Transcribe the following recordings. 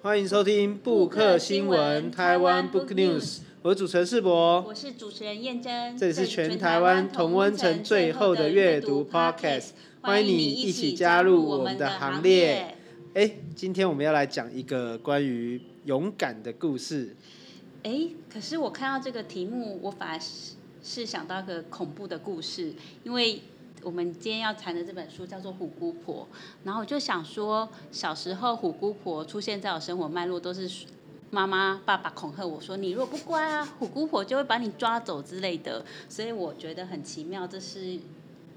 歡迎收聽布克新聞臺灣 Book News，我是主持人世博，我是主持人燕珍。這裡是全臺灣同溫層最後的閱讀 Podcast，歡迎你一起加入我們的行列。哎，今天我們要來講一個關於勇敢的故事。哎，可是我看到這個題目，我反而是是想到一個恐怖的故事，因為，我們今天要談的這本書叫做《虎姑婆》，然後我就想說，小時候虎姑婆出現在我生活脈絡，都是媽媽、爸爸恐嚇我說：“你若不乖啊，虎姑婆就會把你抓走之類的。”所以我覺得很奇妙，這是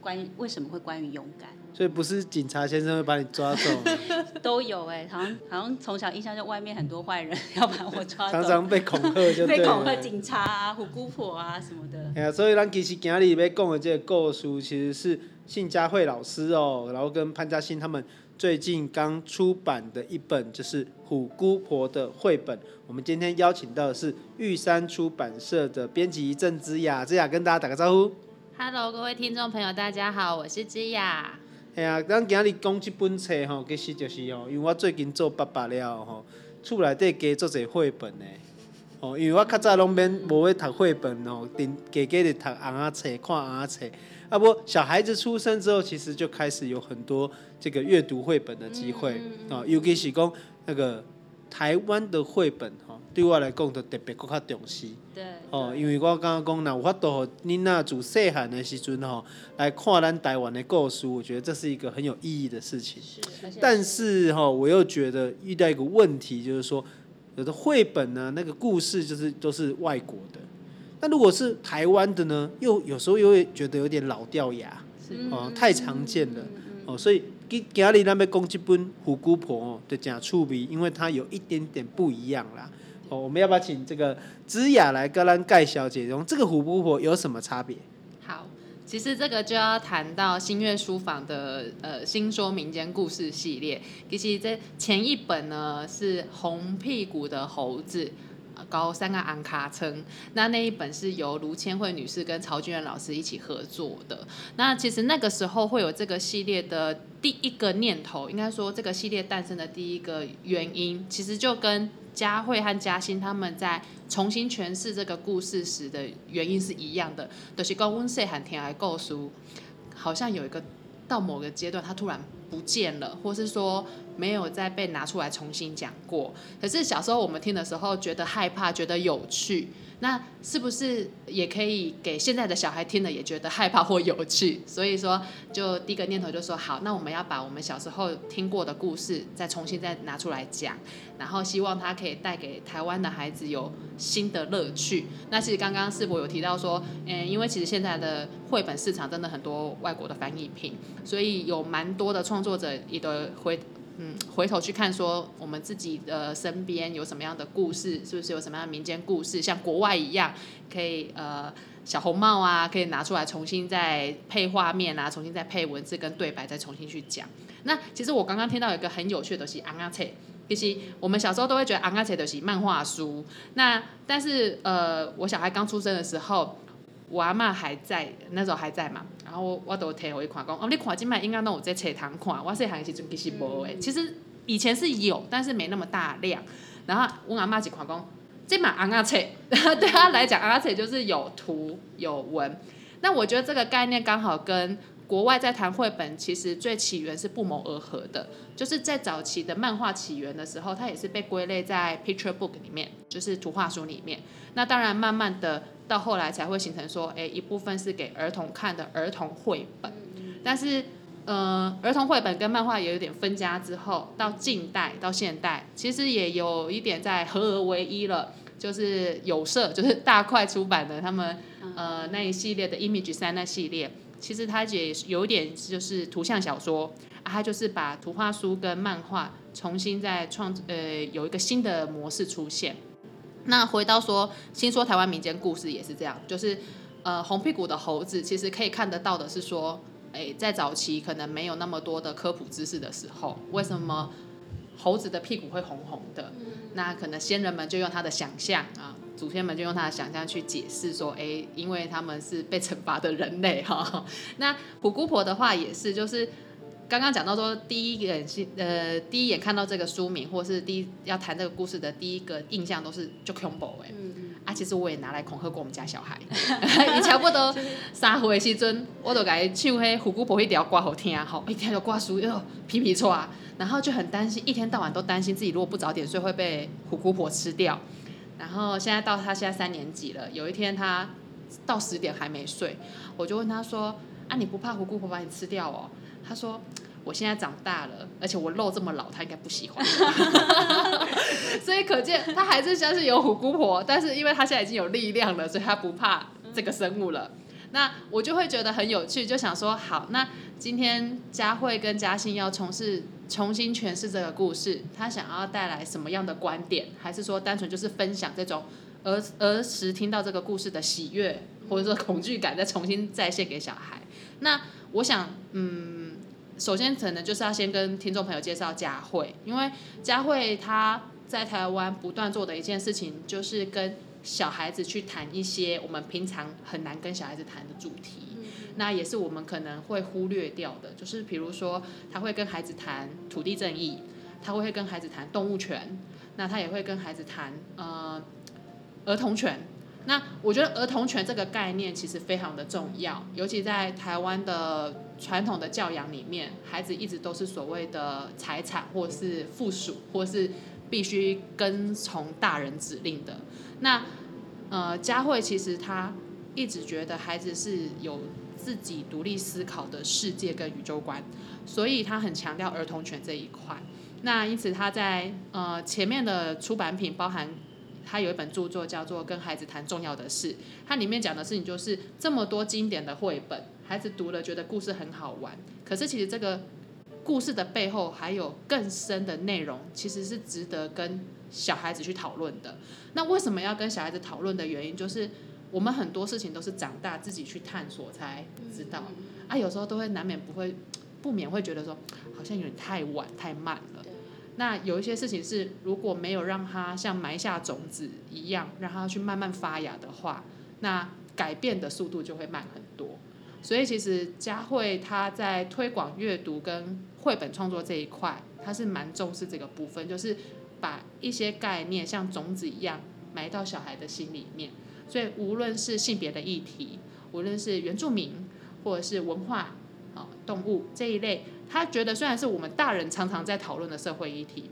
關於為什麼會關於勇敢？所以不是警察先生會把你抓走， 都有哎、欸，好像好像從小印象就外面很多壞人要把我抓走，常常被恐嚇就對， 被恐嚇警察啊、虎姑婆啊什麼的。哎呀，所以咱其實今天要講的這個故事，其實是幸佳慧老師哦、喔，然後跟潘家欣他們最近剛出版的一本就是《虎姑婆的繪》的繪本。我們今天邀請到的是玉山出版社的編輯鄭之雅，之雅跟大家打個招呼。Hello，各位聽眾朋友，大家好，我是之雅。嚇啊！咱今日講這本冊吼，其實就是哦，因為我最近做爸爸了吼，厝內底加做一繪本的哦，因為我較早攏免無去讀繪本哦，頂加加佇讀尪仔冊、看尪仔冊。啊不，小孩子出生之後，其實就開始有很多這個閱讀繪本的機會啊。尤其是講那個台灣的繪本。對我來講，就特別擱較重視。對。哦，因為我剛剛講，那有法度，囡仔自細漢的時陣吼，來看咱台灣的故事，我覺得這是一個很有意義的事情。是。但是哈，我又覺得遇到一個問題，就是說，有的繪本呢，那個故事就是都、就是外國的。但如果是台灣的呢，又有時候又會覺得有點老掉牙，哦是，太常見了。哦、嗯，嗯嗯，所以，今仔日咱們要講這本《虎姑婆》哦，就假趣味，因為它有一點點不一樣啦。Oh, 我們要不要請這個芝雅來格蘭蓋小姐，用這個虎不虎有什麼差別？好，其實這個就要談到新月書房的呃新說民間故事系列，其實這前一本呢是紅屁股的猴子。高三個安卡稱，那那一本是由盧千惠女士跟曹俊元老師一起合作的。那其實那個時候會有這個系列的第一個念頭，應該說這個系列誕生的第一個原因，其實就跟佳慧和家欣他們在重新詮釋這個故事時的原因是一樣的。都、就是高溫水和天愛構書，好像有一個到某個階段，他突然不見了，或是說，沒有再被拿出來重新講過，可是小時候我們聽的時候覺得害怕，覺得有趣，那是不是也可以給現在的小孩聽了也覺得害怕或有趣？所以說，就第一個念頭就說，好，那我們要把我們小時候聽過的故事再重新再拿出來講，然後希望它可以帶給台灣的孩子有新的樂趣。那其實剛剛世博有提到說，嗯，因為其實現在的繪本市場真的很多外國的翻譯品，所以有蠻多的創作者也都會。嗯，回頭去看說我們自己的身邊有什麼樣的故事，是不是有什麼樣的民間故事，像國外一樣，可以呃小紅帽啊，可以拿出來重新再配畫面啊，重新再配文字跟對白，再重新去講。那其實我剛剛聽到一個很有趣的東西，Anga Te，其實我們小時候都會覺得 Anga Te 的是漫畫書，那但是呃我小孩剛出生的時候。我阿媽還在，那時候還在嘛。然後我我都摕互伊看，講，哦，你看這馬應該都有這冊通看。我細漢時陣其實無誒其實以前是有，但是沒那麼大量。然後我阿媽一看講，講這馬，尪仔冊，對她來講，尪仔冊就是有圖有文。那我覺得這個概念剛好跟。國外在談繪本，其實最起源是不謀而合的，就是在早期的漫畫起源的時候，它也是被歸類在 picture book 裡面，就是圖畫書裡面。那當然，慢慢的到後來才會形成說，哎、欸，一部分是給兒童看的兒童繪本，但是呃，兒童繪本跟漫畫也有點分家之後，到近代到現代，其實也有一點在合而為一了，就是有色，就是大塊出版的他們呃那一系列的 image 三那系列。其實他也有點，就是圖像小說，啊、他就是把圖畫書跟漫畫重新再創，呃，有一個新的模式出現。那回到說，新說，台灣民間故事也是這樣，就是，呃，紅屁股的猴子，其實可以看得到的是說，哎，在早期可能沒有那麼多的科普知識的時候，為什麼？猴子的屁股會紅紅的，嗯、那可能先人們就用他的想象，啊，祖先們就用他的想象去解釋說，哎，因為他們是被懲罰的人類哈、啊。那虎姑婆的話也是，就是剛剛講到說，第一眼，呃，第一眼看到這個書名或是第一要談這個故事的第一個印象都是就恐怖哎。嗯啊，其實我也拿來恐嚇過我們家小孩，你 差不多三歲時陣， 我都給伊唱黑虎姑婆一條歌好聽吼、喔，一天就掛書又皮皮錯啊，然後就很擔心，一天到晚都擔心自己如果不早點睡會被虎姑婆吃掉。然後現在到他現在三年級了，有一天他到十點還沒睡，我就問他說：“啊，你不怕虎姑婆把你吃掉哦？”他說。我現在長大了，而且我肉這麼老，他應該不喜歡。 所以可見他還是像是有虎姑婆，但是因為他現在已經有力量了，所以他不怕這個生物了。那我就會覺得很有趣，就想說，好，那今天佳慧跟家欣要重釋重新詮釋這個故事，他想要帶來什麼樣的觀點？還是說單純就是分享這種兒兒時聽到這個故事的喜悅，或者說恐懼感，再重新再現給小孩？那我想，嗯。首先，可能就是要先跟聽眾朋友介紹佳慧，因為佳慧她在台灣不斷做的一件事情，就是跟小孩子去談一些我們平常很難跟小孩子談的主題。那也是我們可能會忽略掉的，就是比如說，她會跟孩子談土地正義，她會跟孩子談動物權，那她也會跟孩子談呃兒童權。那我覺得兒童權這個概念其實非常的重要，尤其在台灣的傳統的教養裡面，孩子一直都是所謂的財產或是附屬，或是必須跟從大人指令的。那呃，佳慧其實她一直覺得孩子是有自己獨立思考的世界跟宇宙觀，所以她很強調兒童權這一塊。那因此她在呃前面的出版品包含。他有一本著作叫做《跟孩子談重要的事》，它裡面講的事情就是這麼多經典的繪本，孩子讀了覺得故事很好玩，可是其實這個故事的背後還有更深的內容，其實是值得跟小孩子去討論的。那為什麼要跟小孩子討論的原因，就是我們很多事情都是長大自己去探索才知道，啊，有時候都會難免不會不免會覺得說，好像有點太晚，太慢了。那有一些事情是，如果沒有讓他像埋下種子一樣，讓他去慢慢發芽的話，那改變的速度就會慢很多。所以其實佳慧她在推廣閱讀跟繪本創作這一塊，她是蠻重視這個部分，就是把一些概念像種子一樣埋到小孩的心裡面。所以無論是性別的議題，無論是原住民或者是文化啊、動物這一類。他覺得雖然是我們大人常常在討論的社會議題，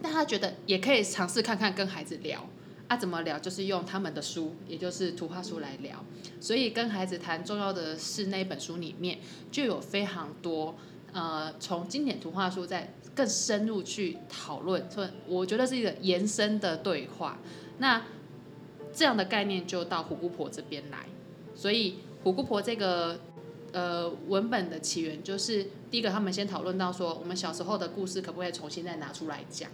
但他覺得也可以嘗試看看跟孩子聊啊，怎麼聊，就是用他們的書，也就是圖畫書來聊。所以跟孩子談重要的事那本書裡面就有非常多呃，從經典圖畫書再更深入去討論，所以我覺得是一個延伸的對話。那這樣的概念就到虎姑婆這邊來，所以虎姑婆這個。呃，文本的起源就是第一個，他們先討論到說，我們小時候的故事可不可以重新再拿出來講？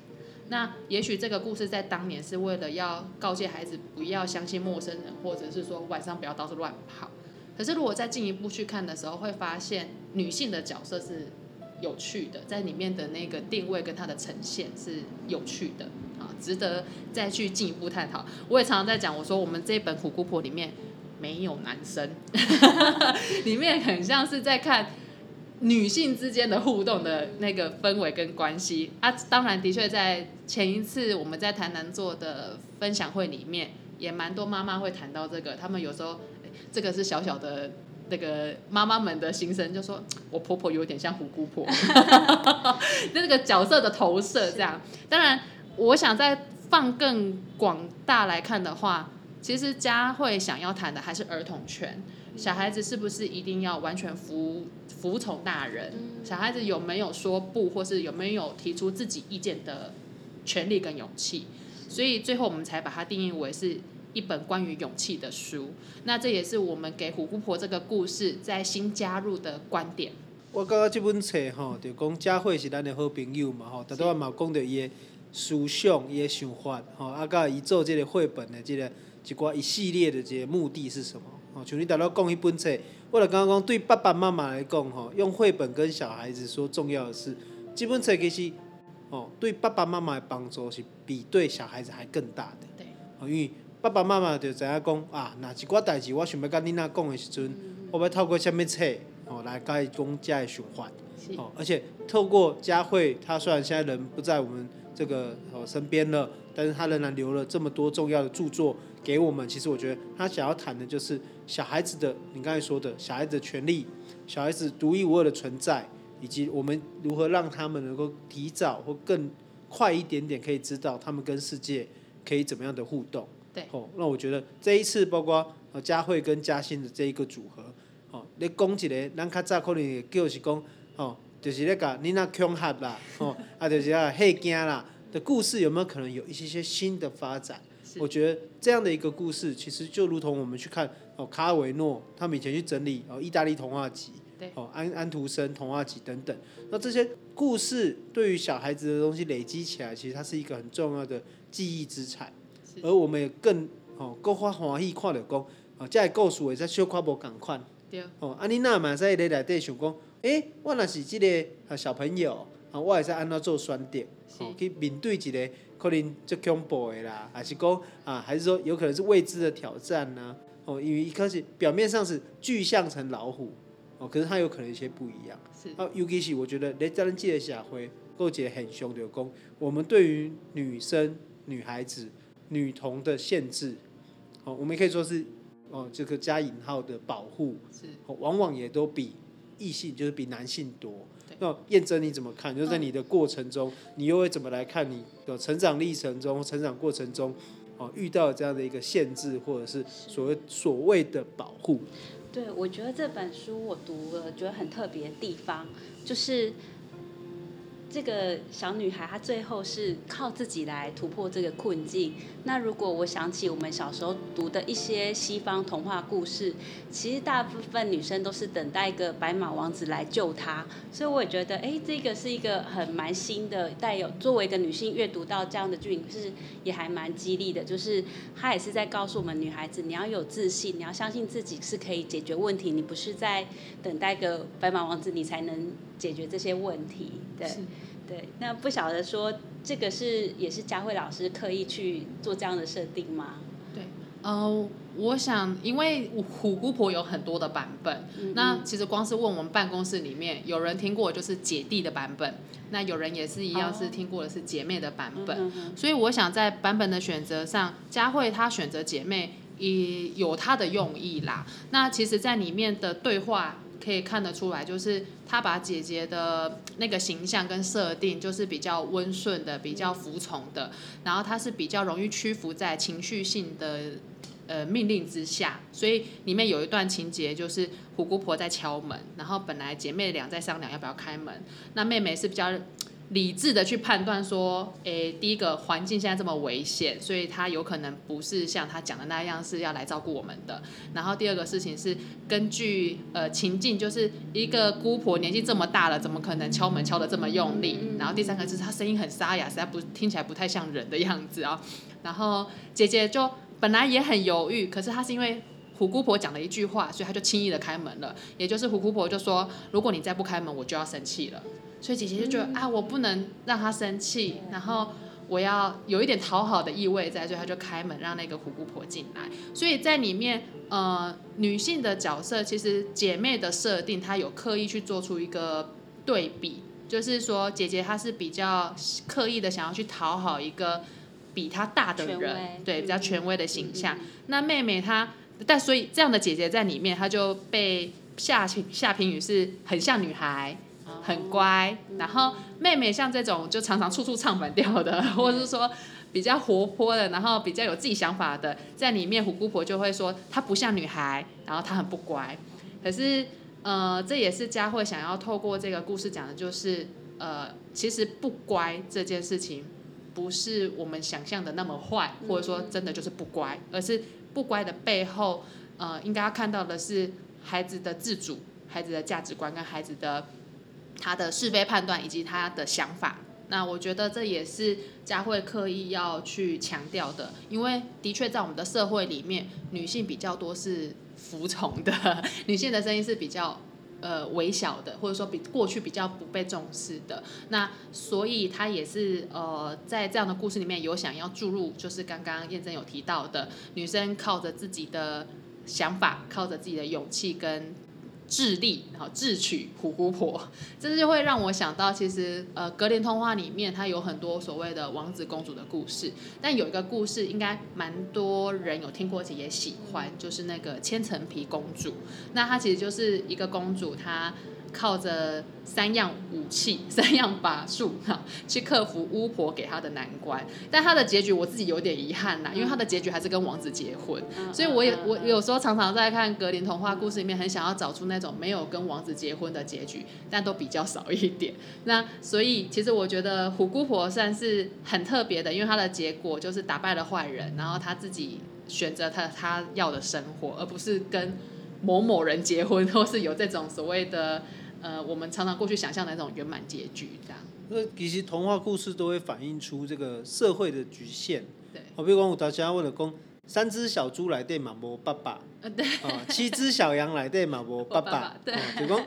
那也許這個故事在當年是為了要告誡孩子不要相信陌生人，或者是說晚上不要到處亂跑。可是如果再進一步去看的時候，會發現女性的角色是有趣的，在裡面的那個定位跟它的呈現是有趣的啊，值得再去進一步探討。我也常常在講，我說我們這本《虎姑婆》裡面。沒有男生， 裡面很像是在看女性之間的互動的那個氛圍跟關係啊。當然，的確在前一次我們在台南做的分享會裡面，也蠻多媽媽會談到這個。他們有時候這個是小小的那個媽媽們的心聲，就說我婆婆有點像虎姑婆， 那個角色的投射這樣。當然，我想再放更廣大來看的話。其實佳慧想要談的還是兒童權，小孩子是不是一定要完全服服從大人？小孩子有沒有說不，或是有沒有提出自己意見的權利跟勇氣？所以最後我們才把它定義為是一本關於勇氣的書。那這也是我們給虎姑婆這個故事在新加入的觀點。我覺得這本冊哈、哦、就講佳慧是咱的好朋友嘛吼、哦，大多嘛講到伊的思想、伊的想法吼，啊，甲伊做這個繪本的這個。一掛一系列的這些目的是什麼？哦，像你剛剛講迄本冊，我就剛剛講對爸爸媽媽來講，吼，用繪本跟小孩子說重要的事，這本冊其實，哦，對爸爸媽媽的幫助是比對小孩子還更大的。對。因為爸爸媽媽就知影講啊，哪一掛代志我想要甲囡仔講的時陣，嗯、我要透過什麼冊，哦，來甲伊講遮的想法。哦是，而且透過佳慧，她雖然現在人不在我們這個身邊了，但是她仍然留了這麼多重要的著作。給我們，其實我覺得他想要談的就是小孩子的，你剛才說的小孩子的權利，小孩子獨一無二的存在，以及我們如何讓他們能夠提早或更快一點點可以知道他們跟世界可以怎麼樣的互動。對，哦，那我覺得這一次包括佳慧跟家欣的這一個組合，哦，你講起來，咱較早可能就是講，哦，就是那個，你那恐嚇啦，哦，啊，就是嘿，驚啦 的故事，有沒有可能有一些些新的發展？是我覺得這樣的一個故事，其實就如同我們去看哦，卡爾維諾他們以前去整理哦，意大利童話集，對哦，安安徒生童話集等等。那這些故事對於小孩子的東西累積起來，其實它是一個很重要的記憶資產。是是而我們也更哦，更發歡喜看了講哦，這故事也在小看無同款。對。哦，安妮娜蠻在內底想講，哎、欸，我若是這個小朋友，我也是按怎做選擇，去面對一個。可能恐怖的啦，還是講啊，還是說有可能是未知的挑戰呢、啊？哦，因為一開始表面上是具象成老虎，哦，可是它有可能一些不一樣。是啊，尤其是我覺得雷佳音的夏輝構建很凶的我們對於女生、女孩子、女童的限制，哦，我們可以說是哦，這、就、個、是、加引號的保護，是、哦、往往也都比異性，就是比男性多。那驗證你怎麼看？就是在你的過程中，嗯、你又會怎麼來看你的成長歷程中、成長過程中、哦、啊，遇到這樣的一個限制，或者是所謂所謂的保護？對，我覺得這本書我讀了，覺得很特別的地方就是。這個小女孩她最後是靠自己來突破這個困境。那如果我想起我們小時候讀的一些西方童話故事，其實大部分女生都是等待一個白馬王子來救她。所以我也覺得，哎，這個是一個很蠻新的。帶有作為一個女性閱讀到這樣的劇情，可是也還蠻激勵的。就是她也是在告訴我們女孩子，你要有自信，你要相信自己是可以解決問題。你不是在等待一個白馬王子，你才能解決這些問題。對，是對，那不曉得說這個是也是佳慧老師刻意去做這樣的設定嗎？對，嗯、呃，我想因為虎姑婆有很多的版本，嗯嗯，那其實光是問我們辦公室裡面有人聽過，就是姐弟的版本，那有人也是一樣是聽過的是姐妹的版本，哦、嗯、哼哼，所以我想在版本的選擇上，佳慧她選擇姐妹也有她的用意啦。那其實，在裡面的對話。可以看得出來，就是他把姐姐的那個形象、跟設定，就是比較溫順的，比較服從的，然後他是比較容易屈服在情緒性的呃命令之下。所以裡面有一段情節，就是虎姑婆在敲門，然後本來姐妹倆在商量要不要開門，那妹妹是比較理智的去判斷說，誒、欸，第一個環境現在這麼危險，所以他有可能不是像他講的那樣是要來照顧我們的。然後第二個事情是根據呃情境，就是一個姑婆年紀這麼大了，怎麼可能敲門敲得這麼用力？然後第三個就是他聲音很沙啞，實在不聽起來不太像人的樣子啊。然後姐姐就本來也很猶豫，可是她是因為虎姑婆講了一句話，所以她就輕易的開門了。也就是虎姑婆就說，如果你再不開門，我就要生氣了。所以姐姐就覺得啊，我不能讓她生氣，然後我要有一點討好的意味在，所以她就開門讓那個虎姑婆進來。所以在裡面，呃，女性的角色其實姐妹的設定，她有刻意去做出一個對比，就是說姐姐她是比較刻意的想要去討好一個比她大的人，權威，對，比較權威的形象。嗯，那妹妹她，但所以這樣的姐姐在裡面，她就被下評下評語是很像女孩。很乖，然後妹妹像這種就常常處處唱反調的，或者是說比較活潑的，然後比較有自己想法的，在裡面虎姑婆就會說她不像女孩，然後她很不乖。可是呃，這也是佳慧想要透過這個故事講的，就是呃，其實不乖這件事情不是我們想象的那麼壞，或者說真的就是不乖，而是不乖的背後呃，應該要看到的是孩子的自主、孩子的價值觀跟孩子的。她的是非判斷以及她的想法，那我覺得這也是佳慧刻意要去強調的，因為的確在我們的社會裡面，女性比較多是服從的，女性的聲音是比較呃微小的，或者說比過去比較不被重視的。那所以她也是呃在這樣的故事裡面有想要注入，就是剛剛燕真有提到的，女生靠着自己的想法，靠着自己的勇氣跟。智利，然後智取虎姑婆，這就會讓我想到，其實呃格林童話裡面它有很多所謂的王子公主的故事，但有一個故事應該蠻多人有聽過其實也喜歡，就是那個千層皮公主。那她其實就是一個公主，她。靠着三樣武器、三樣法術哈，去克服巫婆給她的難關。但她的結局我自己有點遺憾啦，因為她的結局還是跟王子結婚。所以我也我有時候常常在看格林童話故事裡面，很想要找出那種沒有跟王子結婚的結局，但都比較少一點。那所以其實我覺得虎姑婆算是很特別的，因為她的結果就是打敗了壞人，然後她自己選擇她她要的生活，而不是跟某某人結婚，或是有這種所謂的。呃，我們常常過去想象的那種圓滿結局，這樣。那其實童話故事都會反映出這個社會的局限。對，好，比如我剛才我說我大家為了講三隻小豬裡面嘛，無爸爸。哦、七隻小羊來對嘛，我爸爸，對，就是說，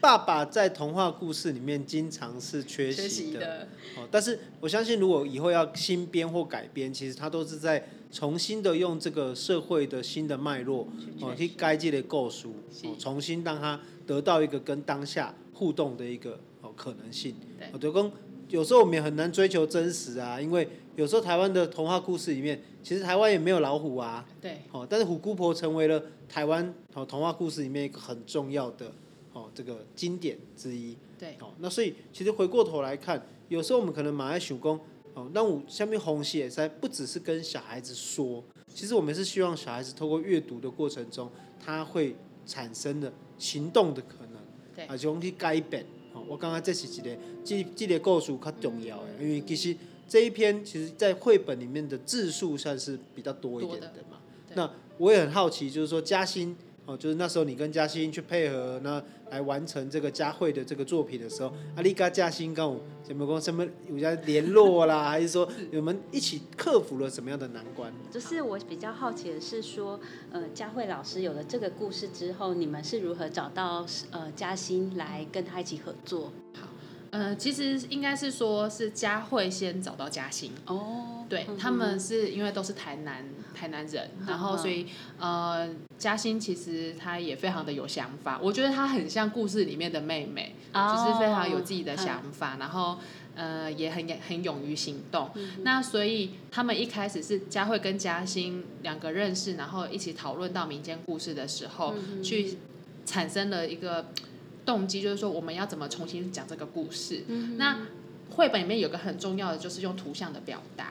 爸爸在童話故事裡面經常是缺席的，缺席的哦，但是我相信如果以後要新編或改編，其實他都是在重新的用這個社會的新的脈絡哦去改這個構思，哦，重新讓他得到一個跟當下互動的一個哦可能性，對，就是說。有時候我們也很難追求真實啊，因為有時候台灣的童話故事裡面，其實台灣也沒有老虎啊。對。哦，但是虎姑婆成為了台灣哦童話故事裡面一個很重要的哦這個經典之一。對。哦，那所以其實回過頭來看，有時候我們可能也會想說哦，但有什麼方式可以，不只是跟小孩子說，其實我們是希望小孩子透過閱讀的過程中，他會產生的行動的可能，啊對，去改變。我剛剛這是一個，這這個故事較重要的，因為其實這一篇其實在繪本裡面的字數算是比較多一點的嘛。的那我也很好奇，就是說家欣。就是那時候，你跟家欣去配合，那來完成這個佳慧的這個作品的時候，阿里嘎家欣跟我什麼什麼，我們聯絡啦，還是說你們一起克服了什麼樣的難關？就是我比較好奇的是說，呃，佳慧老師有了這個故事之後，你們是如何找到呃家欣來跟他一起合作？好，呃，其實應該是說是佳慧先找到家欣、嗯、哦。對他們是因為都是台南、嗯、哼台南人，然後所以、嗯、哼呃，家欣其實她也非常的有想法，我覺得她很像故事裡面的妹妹，就、嗯、哼是非常有自己的想法，嗯、哼然後呃也很很勇於行動。嗯、哼那所以他們一開始是佳慧跟家欣兩個認識，然後一起討論到民間故事的時候，嗯、哼去產生了一個動機，就是說我們要怎麼重新講這個故事。嗯、哼那繪本裡面有個很重要的就是用圖像的表達，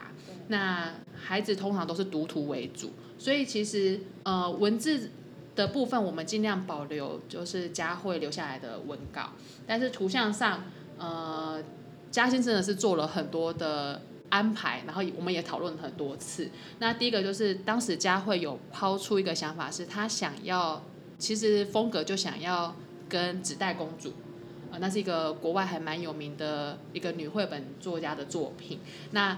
那孩子通常都是讀圖為主，所以其實呃文字的部分我們盡量保留，就是佳慧留下來的文稿，但是圖像上呃家欣真的是做了很多的安排，然後我們也討論了很多次。那第一個就是當時佳慧有拋出一個想法，是她想要其實風格就想要跟紙袋公主。那是一個國外還蠻有名的一個女繪本作家的作品。那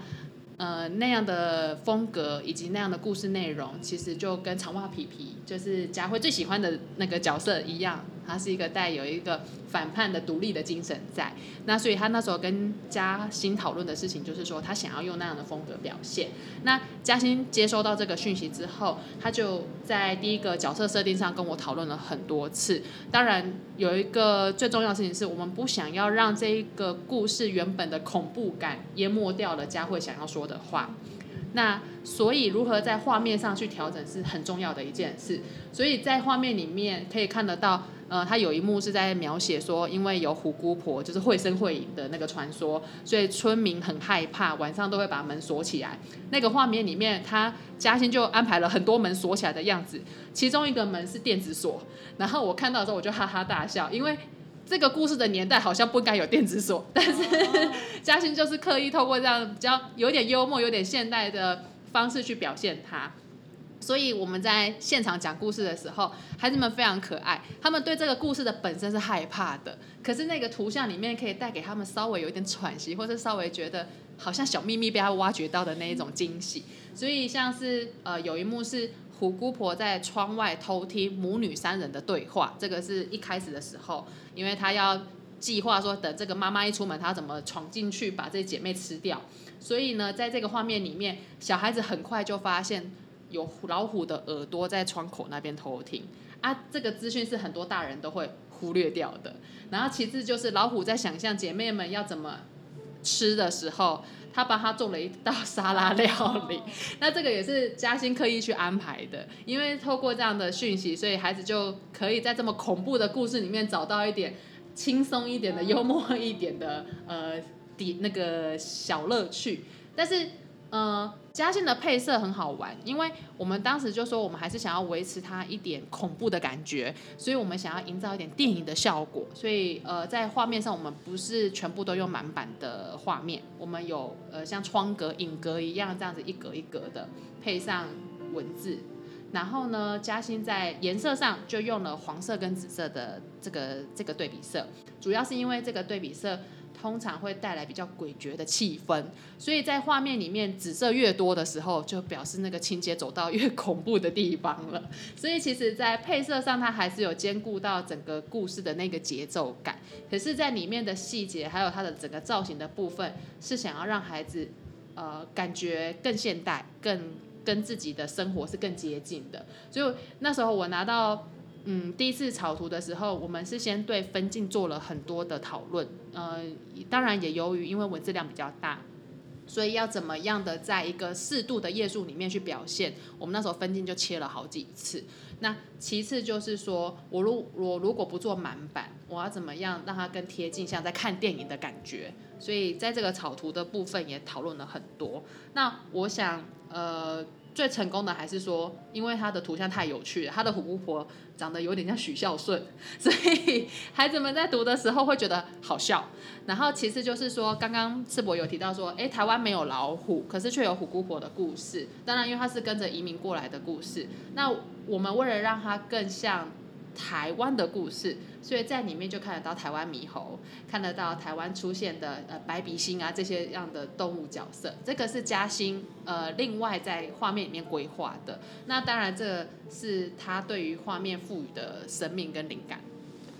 呃那樣的風格以及那樣的故事內容，其實就跟長襪皮皮，就是佳慧最喜歡的那個角色一樣。他是一個，帶有一個反叛的獨立的精神在，那所以他那時候跟家欣討論的事情就是說，他想要用那樣的風格表現。那家欣接收到這個訊息之後，他就在第一個角色設定上跟我討論了很多次。當然，有一個最重要的事情是我們不想要讓這一個故事原本的恐怖感淹沒掉了佳慧想要說的話。那所以，如何在畫面上去調整是很重要的一件事。所以在畫面裡面可以看得到，呃，他有一幕是在描寫說，因為有虎姑婆，就是繪聲繪影的那個傳說，所以村民很害怕，晚上都會把門鎖起來。那個畫面裡面，他家欣就安排了很多門鎖起來的樣子，其中一個門是電子鎖，然後我看到的時候我就哈哈大笑，因為。這個故事的年代好像不該有電子鎖，但是家欣、oh. 就是刻意透過這樣比較有點幽默，有點現代的方式去表現它。所以我們在現場講故事的時候，孩子們非常可愛，他們對這個故事的本身是害怕的，可是那個圖像裡面可以帶給他們稍微有一點喘息，或者稍微覺得好像小秘密被他挖掘到的那一種驚喜。所以像是呃有一幕是，虎姑婆在窗外偷聽母女三人的對話，這個是一開始的時候，因為她要計劃說，等這個媽媽一出門，她要怎麼闖進去把這姐妹吃掉。所以呢，在這個畫面裡面，小孩子很快就發現有老虎的耳朵在窗口那邊偷聽啊。這個資訊是很多大人都會忽略掉的。然後其次就是老虎在想象姐妹們要怎麼。吃的時候，他幫他做了一道沙拉料理，那這個也是家欣刻意去安排的，因為透過這樣的訊息，所以孩子就可以在這麼恐怖的故事裡面找到一點輕鬆一點的、幽默一點的，呃，底那個小樂趣，但是。呃，家欣、嗯、的配色很好玩，因為我們當時就說我們還是想要維持它一點恐怖的感覺，所以我們想要營造一點電影的效果，所以呃，在畫面上我們不是全部都用滿版的畫面，我們有呃像窗格、影格一樣這樣子一格一格的配上文字，然後呢，家欣在顏色上就用了黃色跟紫色的這個這個對比色，主要是因為這個對比色。通常會帶來比較詭譎的氣氛，所以在畫面裡面紫色越多的時候，就表示那個情節走到越恐怖的地方了。所以其實，在配色上，它還是有兼顧到整個故事的那個節奏感。可是，在裡面的細節還有它的整個造型的部分，是想要讓孩子呃感覺更現代、更跟自己的生活是更接近的。所以那時候我拿到。嗯，第一次草圖的時候，我們是先對分鏡做了很多的討論。呃，當然也由於因為文字量比較大，所以要怎麼樣的在一個適度的頁數裡面去表現，我們那時候分鏡就切了好幾次。那其次就是說我如我如果不做滿版，我要怎麼樣讓它更貼近像在看電影的感覺？所以在這個草圖的部分也討論了很多。那我想，呃。最成功的還是說，因為他的圖像太有趣了，他的虎姑婆長得有點像許效舜，所以孩子們在讀的時候會覺得好笑。然後其實就是說，剛剛世博有提到說，哎，台灣沒有老虎，可是卻有虎姑婆的故事。當然，因為他是跟着移民過來的故事，那我們為了讓它更像。台灣的故事，所以在裡面就看得到台灣獼猴，看得到台灣出現的呃白鼻心啊，這些樣的動物角色，這個是家欣呃另外在畫面裡面規劃的，那當然這是他對於畫面賦予的生命跟靈感。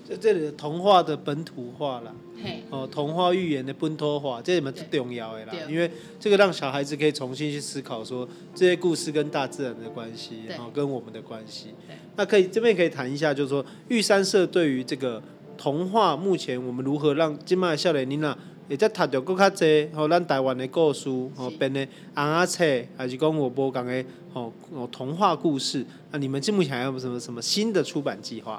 就這裡童話的本土化啦，嗯、哦，童話寓言的本土化，這你、個、們重要的啦，因為這個讓小孩子可以重新去思考說這些故事跟大自然的關係，哦對，跟我們的關係。對那可以這邊可以談一下，就是說玉山社對於這個童話，目前我們如何讓即嘛少年人吶、啊，也在讀到更加多吼，咱台灣的故事吼編是的尪仔冊，還是講我播講的吼童話故事？那你們這目前還有什麼什麼新的出版計劃？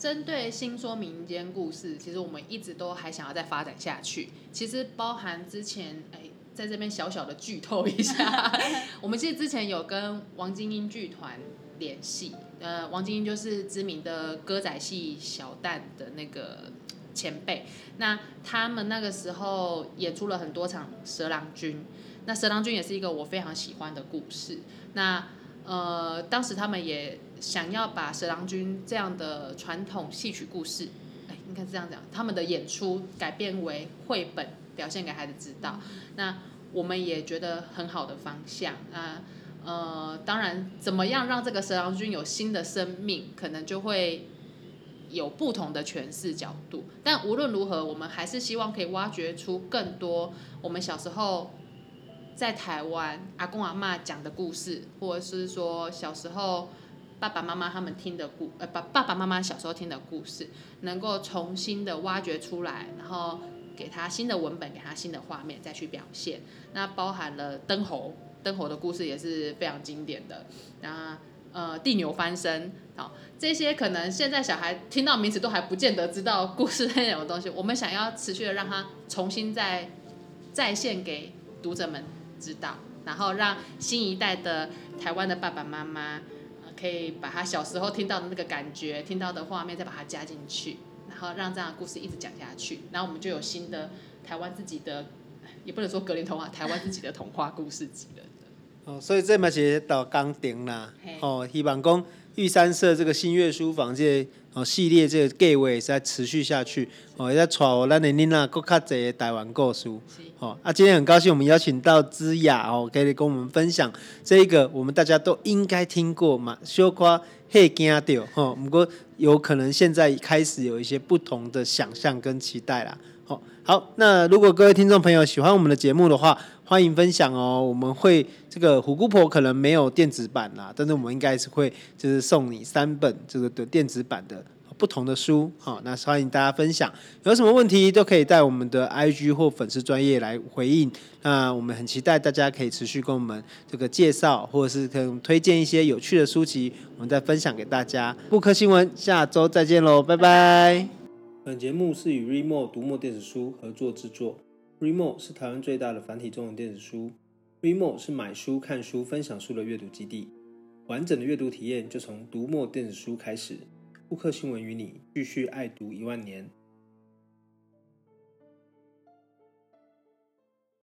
針對新說民間故事，其實我們一直都還想要再發展下去。其實包含之前，哎，在這邊小小的劇透一下， 我們其實之前有跟王金英劇團聯繫。呃，王金英就是知名的歌仔戲小旦的那個前輩。那他們那個時候也出了很多場《蛇郎君》，那《蛇郎君》也是一個我非常喜歡的故事。那呃，當時他們也想要把《蛇郎君》這樣的傳統戲曲故事，哎，應該是這樣講，他們的演出改變為繪本，表現給孩子知道。那我們也覺得很好的方向啊，呃，當然，怎麼樣讓這個《蛇郎君》有新的生命，可能就會有不同的詮釋角度。但無論如何，我們還是希望可以挖掘出更多我們小時候，在台灣，阿公阿媽講的故事，或者是說小時候爸爸媽媽他們聽的故，呃，爸爸爸媽媽小時候聽的故事，能夠重新的挖掘出來，然後給他新的文本，給他新的畫面再去表現。那包含了燈猴，燈猴的故事也是非常經典的。然後呃地牛翻身，好，這些可能現在小孩聽到名詞都還不見得知道的故事是什麼東西。我們想要持續的讓他重新再再現給讀者們。知道，然後讓新一代的台灣的爸爸媽媽可以把他小時候聽到的那個感覺、聽到的畫面再把它加進去，然後讓這樣的故事一直講下去，然後我們就有新的台灣自己的，也不能說格林童話，台灣自己的童話故事集了。哦，所以這麼些到剛停了。哦，希望說玉山社這個新月書房這。哦，系列這個計劃也是在持續下去。哦，在帶我那年年啊，國較濟的台灣故事。哦是，啊，今天很高興，我們邀請到芝雅哦，可以跟我們分享這個，我們大家都應該聽過嘛，小可嚇驚到。哦，不過有可能現在開始有一些不同的想象跟期待啦。哦、好，那如果各位聽眾朋友喜歡我們的節目的話，歡迎分享哦。我們會這個虎姑婆可能沒有電子版啦，但是我們應該是會就是送你三本這個的電子版的不同的書。好、哦，那歡迎大家分享，有什麼問題都可以在我們的 IG 或粉絲專頁來回應。那我們很期待大家可以持續跟我們這個介紹，或者是跟推薦一些有趣的書籍，我們再分享給大家。布克新聞下周再見嘍，拜拜。本節目是與 Readmoo 讀墨電子書合作製作。Readmoo 是台灣最大的繁體中文電子書。Readmoo 是買書、看書、分享書的閱讀基地。完整的閱讀體驗就從讀墨電子書開始。布克新聞與你繼續愛讀一萬年。